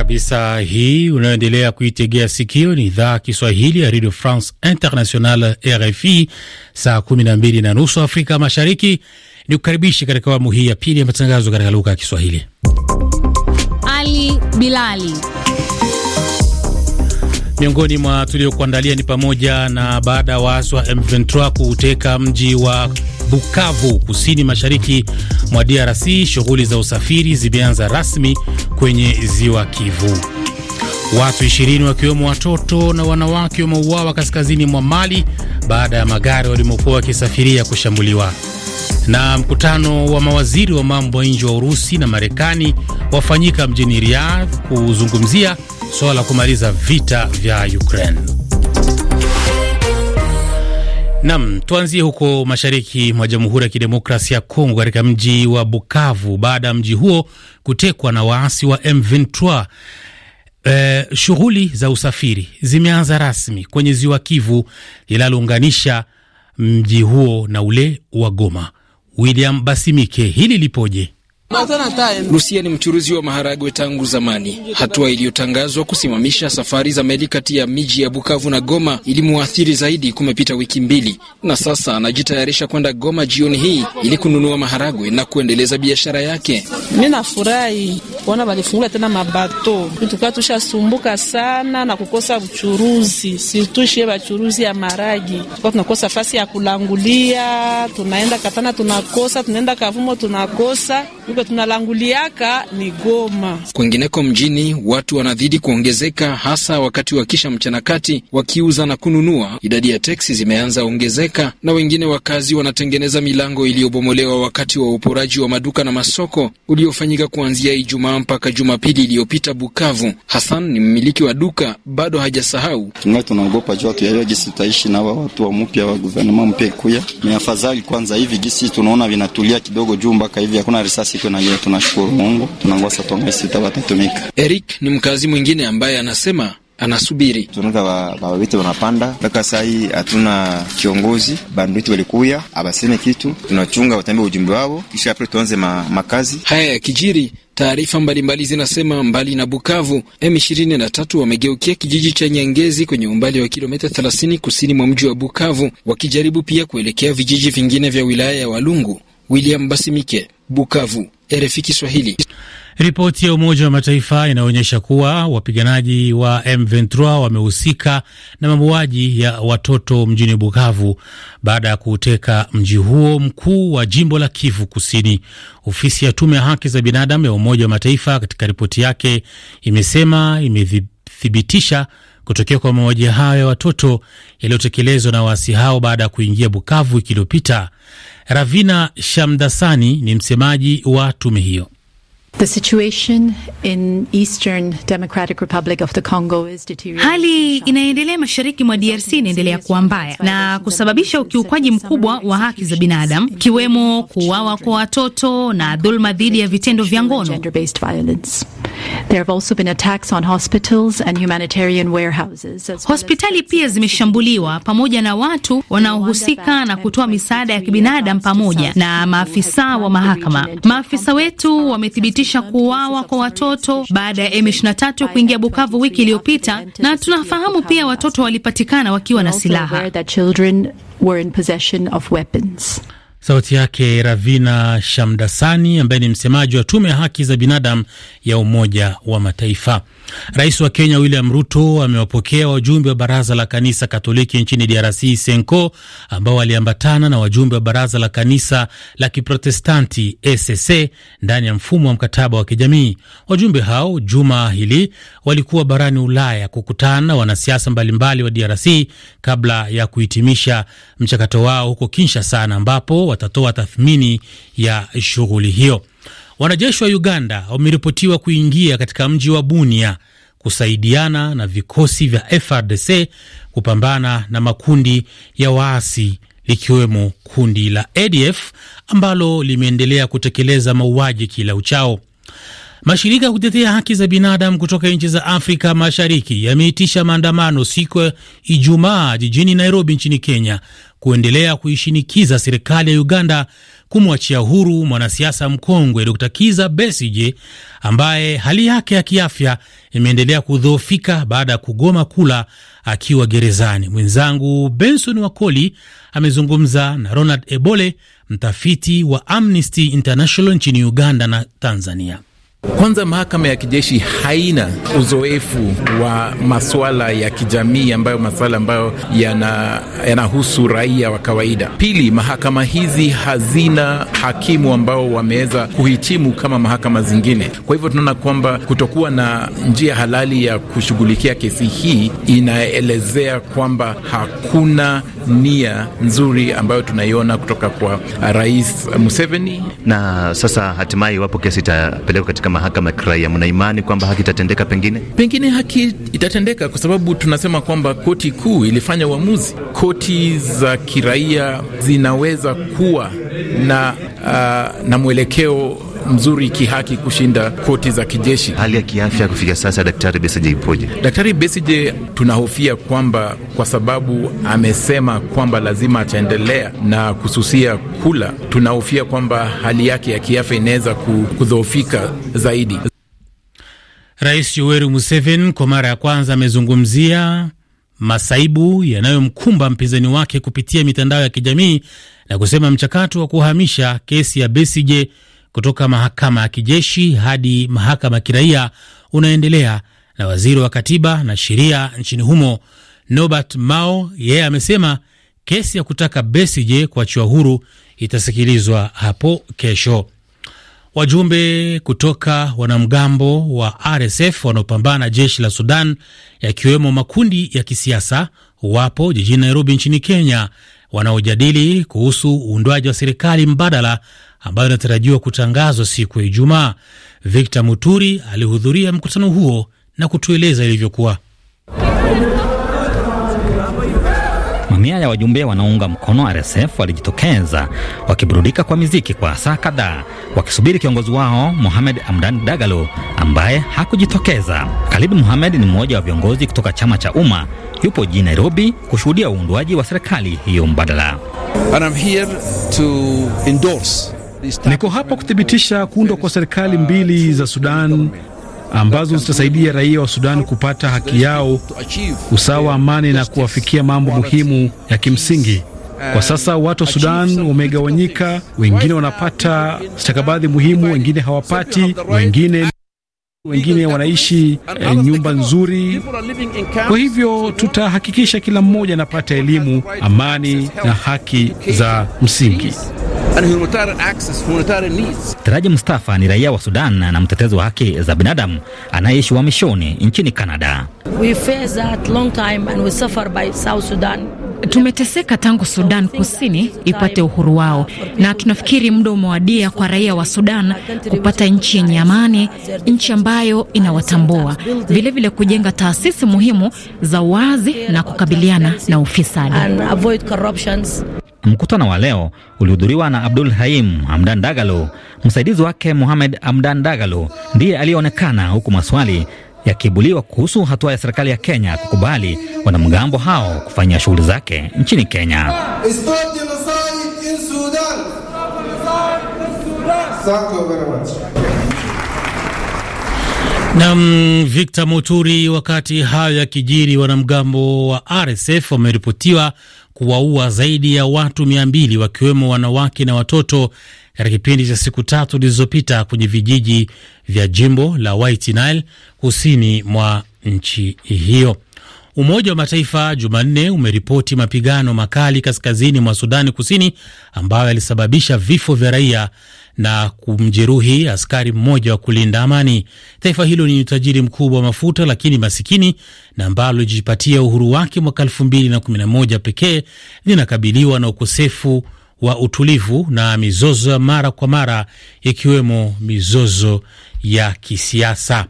kabisa. Hii unayoendelea kuitegea sikio ni idhaa Kiswahili ya Radio France International, RFI. Saa kumi na mbili na nusu Afrika Mashariki ni kukaribishi katika awamu hii ya pili ya matangazo katika lugha ya Kiswahili. Ali Bilali miongoni mwa tuliokuandalia ni pamoja na baada ya waasi wa M23 kuuteka mji wa Bukavu, kusini mashariki mwa DRC, shughuli za usafiri zimeanza rasmi kwenye ziwa Kivu. Watu 20 wakiwemo watoto na wanawake wameuawa kaskazini mwa Mali baada ya magari walimokuwa wakisafiria kushambuliwa. Na mkutano wa mawaziri wa mambo ya nje wa Urusi na Marekani wafanyika mjini Riyadh kuzungumzia suala la kumaliza vita vya Ukraine. Nam, tuanzie huko mashariki mwa Jamhuri ya Kidemokrasia ya Kongo, katika mji wa Bukavu baada ya mji huo kutekwa na waasi wa M23. E, shughuli za usafiri zimeanza rasmi kwenye ziwa Kivu linalounganisha mji huo na ule wa Goma. William Basimike, hili lipoje? Rusia ni mchuruzi wa maharagwe tangu zamani. Hatua iliyotangazwa kusimamisha safari za meli kati ya miji ya Bukavu na Goma ilimwathiri zaidi. Kumepita wiki mbili na sasa anajitayarisha kwenda Goma jioni hii ili kununua maharagwe na kuendeleza biashara yake. Mi nafurahi kuona walifungula tena mabato, tukaa tushasumbuka sana na kukosa uchuruzi, situshie wachuruzi ya maragi, tukaa tunakosa fasi ya kulangulia, tunaenda Katana tunakosa, tunaenda Kavumo tunakosa kwenye tunalanguliaka ni Goma. Kwingineko mjini watu wanazidi kuongezeka, hasa wakati wa kisha mchana kati, wakiuza na kununua. Idadi ya teksi zimeanza ongezeka, na wengine wakazi wanatengeneza milango iliyobomolewa wakati wa uporaji wa maduka na masoko uliofanyika kuanzia Ijumaa mpaka Jumapili iliyopita Bukavu. Hassan ni mmiliki wa duka, bado hajasahau. Tungali tunaogopa juu watu jisi tutaishi na wa watu wa mpya wa guvernema mpya kuya Ni afadhali kwanza hivi jisi tunaona vinatulia kidogo juu mpaka hivi hakuna risasi tunajua, tunashukuru Mungu, tunangosa tonga sita watatumika. Eric ni mkazi mwingine ambaye anasema anasubiri tunaza baba wetu wanapanda mpaka hii, hatuna kiongozi. Bandu wetu walikuya abaseme kitu, tunachunga watambe ujumbe wao, kisha apre tuanze ma, makazi haya ya kijiri. Taarifa mbalimbali zinasema mbali na Bukavu, M23 wamegeukia kijiji cha Nyangezi kwenye umbali wa kilomita 30 kusini mwa mji wa Bukavu, wakijaribu pia kuelekea vijiji vingine vya wilaya ya Walungu. William Basimike, Bukavu. RFI Kiswahili. Ripoti ya Umoja wa Mataifa inaonyesha kuwa wapiganaji wa M23 wamehusika na mauaji ya watoto mjini Bukavu baada ya kuuteka mji huo mkuu wa jimbo la Kivu Kusini. Ofisi ya Tume ya Haki za Binadamu ya Umoja wa Mataifa katika ripoti yake imesema imethibitisha kutokea kwa mauaji hayo ya watoto yaliyotekelezwa na waasi hao baada ya kuingia Bukavu wiki iliyopita. Ravina Shamdasani ni msemaji wa tume hiyo. Hali inayoendelea mashariki mwa DRC inaendelea kuwa mbaya na kusababisha ukiukwaji mkubwa wa haki za binadamu, ikiwemo kuuawa kwa watoto na dhuluma dhidi ya vitendo vya ngono. There have also been attacks on hospitals and humanitarian warehouses. Hospitali pia zimeshambuliwa pamoja na watu wanaohusika na kutoa misaada ya kibinadamu pamoja na maafisa wa mahakama. Maafisa wetu wamethibitisha kuuawa kwa watoto baada ya M23 kuingia Bukavu wiki iliyopita, na tunafahamu pia watoto walipatikana wakiwa na silaha. Sauti yake Ravina Shamdasani, ambaye ni msemaji wa tume ya haki za binadamu ya Umoja wa Mataifa. Rais wa Kenya William Ruto amewapokea wajumbe wa baraza la kanisa Katoliki nchini DRC, SENKO, ambao waliambatana na wajumbe wa baraza la kanisa la Kiprotestanti, ECC, ndani ya mfumo wa mkataba wa kijamii. Wajumbe hao juma hili walikuwa barani Ulaya kukutana na wanasiasa mbalimbali wa DRC kabla ya kuhitimisha mchakato wao huko Kinshasa, ambapo watatoa tathmini ya shughuli hiyo. Wanajeshi wa Uganda wameripotiwa kuingia katika mji wa Bunia kusaidiana na vikosi vya FRDC kupambana na makundi ya waasi likiwemo kundi la ADF ambalo limeendelea kutekeleza mauaji kila uchao. Mashirika ya kutetea haki za binadamu kutoka nchi za Afrika Mashariki yameitisha maandamano siku ya Ijumaa jijini Nairobi nchini Kenya kuendelea kuishinikiza serikali ya Uganda kumwachia huru mwanasiasa mkongwe Dr. Kiza Besije ambaye hali yake ya kiafya imeendelea kudhoofika baada ya kugoma kula akiwa gerezani. Mwenzangu Benson Wakoli amezungumza na Ronald Ebole, mtafiti wa Amnesty International nchini Uganda na Tanzania. Kwanza, mahakama ya kijeshi haina uzoefu wa masuala ya kijamii ambayo masuala ambayo yanahusu yana raia wa kawaida. Pili, mahakama hizi hazina hakimu ambao wameweza kuhitimu kama mahakama zingine. Kwa hivyo tunaona kwamba kutokuwa na njia halali ya kushughulikia kesi hii inaelezea kwamba hakuna nia nzuri ambayo tunaiona kutoka kwa Rais Museveni. Na sasa hatimaye, iwapo kesi itapelekwa katika katika mahakama ya kiraia, mna imani kwamba haki itatendeka? Pengine pengine haki itatendeka kwa sababu tunasema kwamba koti kuu ilifanya uamuzi. Koti za kiraia zinaweza kuwa na, uh, na mwelekeo mzuri kihaki kushinda koti za kijeshi. Hali ya kiafya kufika sasa, Daktari Besigye ipoje? Daktari Besigye tunahofia kwamba kwa sababu amesema kwamba lazima ataendelea na kususia kula, tunahofia kwamba hali yake ya kiafya inaweza kudhoofika zaidi. Rais Yoweri Museveni kwa mara ya kwanza amezungumzia masaibu yanayomkumba mpinzani wake kupitia mitandao ya kijamii na kusema mchakato wa kuhamisha kesi ya Besigye kutoka mahakama ya kijeshi hadi mahakama ya kiraia unaendelea, na waziri wa katiba na sheria nchini humo Nobert Mao yeye amesema kesi ya kutaka Besigye kuachiwa huru itasikilizwa hapo kesho. Wajumbe kutoka wanamgambo wa RSF wanaopambana na jeshi la Sudan, yakiwemo makundi ya kisiasa, wapo jijini Nairobi nchini Kenya, wanaojadili kuhusu uundwaji wa serikali mbadala ambayo inatarajiwa kutangazwa siku ya Ijumaa. Victor Muturi alihudhuria mkutano huo na kutueleza ilivyokuwa. Mamia ya wajumbe wanaounga mkono RSF walijitokeza wakiburudika kwa miziki kwa saa kadhaa wakisubiri kiongozi wao Mohamed Amdan Dagalo ambaye hakujitokeza. Khalid Mohamed ni mmoja wa viongozi kutoka chama cha Umma, yupo jijini Nairobi kushuhudia uundwaji wa serikali hiyo mbadala. And I'm here to endorse Niko hapa kuthibitisha kuundwa kwa serikali mbili za Sudan ambazo zitasaidia raia wa Sudan kupata haki yao, usawa, amani na kuwafikia mambo muhimu ya kimsingi. Kwa sasa watu wa Sudan wamegawanyika, wengine wanapata stakabadhi muhimu, wengine hawapati, wengine wengine wanaishi eh, nyumba nzuri. Kwa hivyo tutahakikisha kila mmoja anapata elimu, amani na haki za msingi. Yaani Taraji Mustafa ni raia wa Sudan na mtetezi wa haki za binadamu anayeishi uhamishoni nchini Canada. Tumeteseka tangu Sudan Kusini ipate uhuru wao, na tunafikiri muda umewadia kwa raia wa Sudan kupata nchi yenye amani, nchi ambayo inawatambua vilevile, kujenga taasisi muhimu za uwazi na kukabiliana na ufisadi. Mkutano wa leo ulihudhuriwa na Abdul Haim Hamdan Dagalo. Msaidizi wake Mohamed Hamdan Dagalo ndiye aliyeonekana, huku maswali yakiibuliwa kuhusu hatua ya serikali ya Kenya kukubali wanamgambo hao kufanya shughuli zake nchini Kenya. Nam Victor Muturi. Wakati hayo yakijiri, wanamgambo wa RSF wameripotiwa kuwaua zaidi ya watu mbili wakiwemo wanawake na watoto katika kipindi cha siku tatu zilizopita kwenye vijiji vya jimbo la White Nile kusini mwa nchi hiyo. Umoja wa Mataifa Jumanne umeripoti mapigano makali kaskazini mwa Sudani Kusini ambayo yalisababisha vifo vya raia na kumjeruhi askari mmoja wa kulinda amani. Taifa hilo ni utajiri mkubwa wa mafuta lakini masikini na ambalo lilijipatia uhuru wake mwaka moja pekee linakabiliwa na ukosefu wa utulivu na mizozo ya mara kwa mara ikiwemo mizozo ya kisiasa.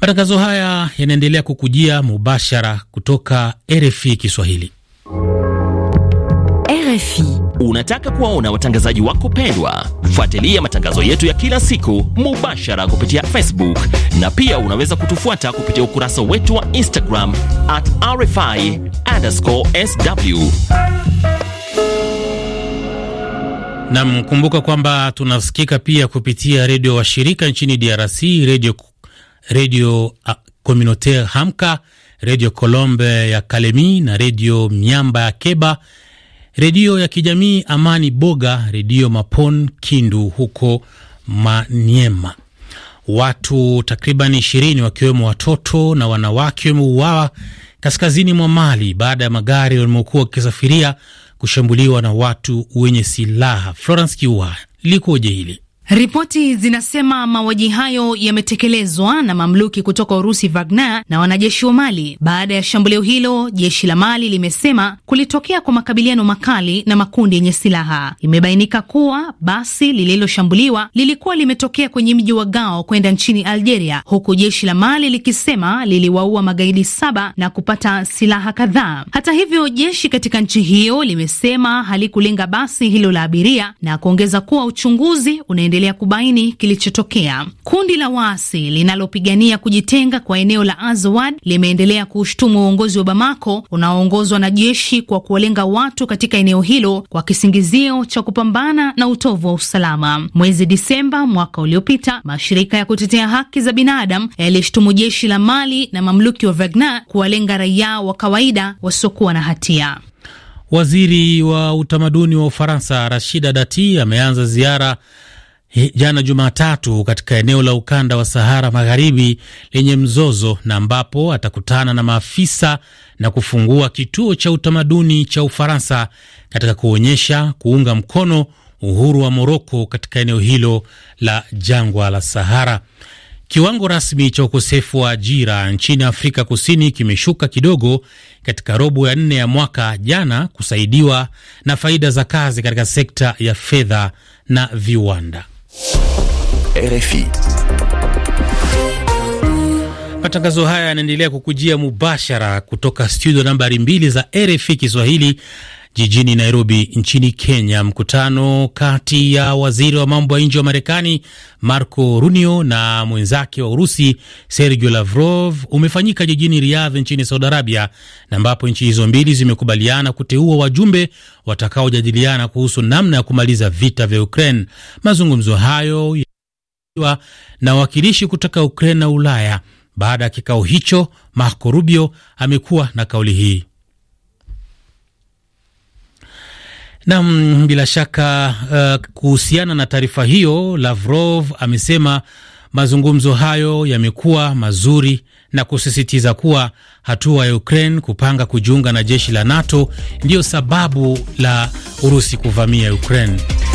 Matangazo haya yanaendelea kukujia mubashara kutoka RFI Kiswahili. RFI Unataka kuwaona watangazaji wako pendwa? Fuatilia matangazo yetu ya kila siku mubashara kupitia Facebook na pia unaweza kutufuata kupitia ukurasa wetu wa Instagram at RFI underscore sw. Nam, kumbuka kwamba tunasikika pia kupitia redio washirika nchini DRC, redio redio Communautaire Hamka, redio Colombe ya Kalemi na redio Miamba ya Keba Redio ya kijamii Amani Boga, Redio Mapon Kindu huko Maniema. Watu takriban ishirini wakiwemo watoto na wanawake wameuawa kaskazini mwa Mali baada ya magari walimokuwa wakisafiria kushambuliwa na watu wenye silaha. Florence Kiua, likoje hili? Ripoti zinasema mauaji hayo yametekelezwa na mamluki kutoka Urusi Wagner na wanajeshi wa Mali. Baada ya shambulio hilo, jeshi la Mali limesema kulitokea kwa makabiliano makali na makundi yenye silaha. Imebainika kuwa basi lililoshambuliwa lilikuwa limetokea kwenye mji wa Gao kwenda nchini Algeria, huku jeshi la Mali likisema liliwaua magaidi saba na kupata silaha kadhaa. Hata hivyo, jeshi katika nchi hiyo limesema halikulenga basi hilo la abiria na kuongeza kuwa uchunguzi unaendelea kuendelea kubaini kilichotokea. Kundi la waasi linalopigania kujitenga kwa eneo la Azawad limeendelea kuushtumu uongozi wa Bamako unaoongozwa na jeshi kwa kuwalenga watu katika eneo hilo kwa kisingizio cha kupambana na utovu wa usalama. Mwezi Disemba mwaka uliopita, mashirika ya kutetea haki za binadamu yalishtumu jeshi la Mali na mamluki wa Wagner kuwalenga raia wa kawaida wasiokuwa na hatia. Waziri wa utamaduni wa Ufaransa Rashida Dati ameanza ziara jana Jumatatu katika eneo la ukanda wa Sahara Magharibi lenye mzozo na ambapo atakutana na maafisa na kufungua kituo cha utamaduni cha Ufaransa katika kuonyesha kuunga mkono uhuru wa Moroko katika eneo hilo la jangwa la Sahara. Kiwango rasmi cha ukosefu wa ajira nchini Afrika Kusini kimeshuka kidogo katika robo ya nne ya mwaka jana, kusaidiwa na faida za kazi katika sekta ya fedha na viwanda. RFI. Matangazo haya yanaendelea kukujia mubashara kutoka studio nambari mbili za RFI Kiswahili jijini Nairobi nchini Kenya, mkutano kati ya waziri wa mambo ya nje wa Marekani Marco Rubio na mwenzake wa Urusi Sergio Lavrov umefanyika jijini Riyadh nchini Saudi Arabia, na ambapo nchi hizo mbili zimekubaliana kuteua wajumbe watakaojadiliana kuhusu namna ya kumaliza vita vya Ukraine. Mazungumzo hayo ya na wawakilishi kutoka Ukraine na Ulaya. Baada ya kikao hicho, Marco Rubio amekuwa na kauli hii. Nam, bila shaka uh, kuhusiana na taarifa hiyo, Lavrov amesema mazungumzo hayo yamekuwa mazuri na kusisitiza kuwa hatua ya Ukraine kupanga kujiunga na jeshi la NATO ndiyo sababu la Urusi kuvamia Ukraine.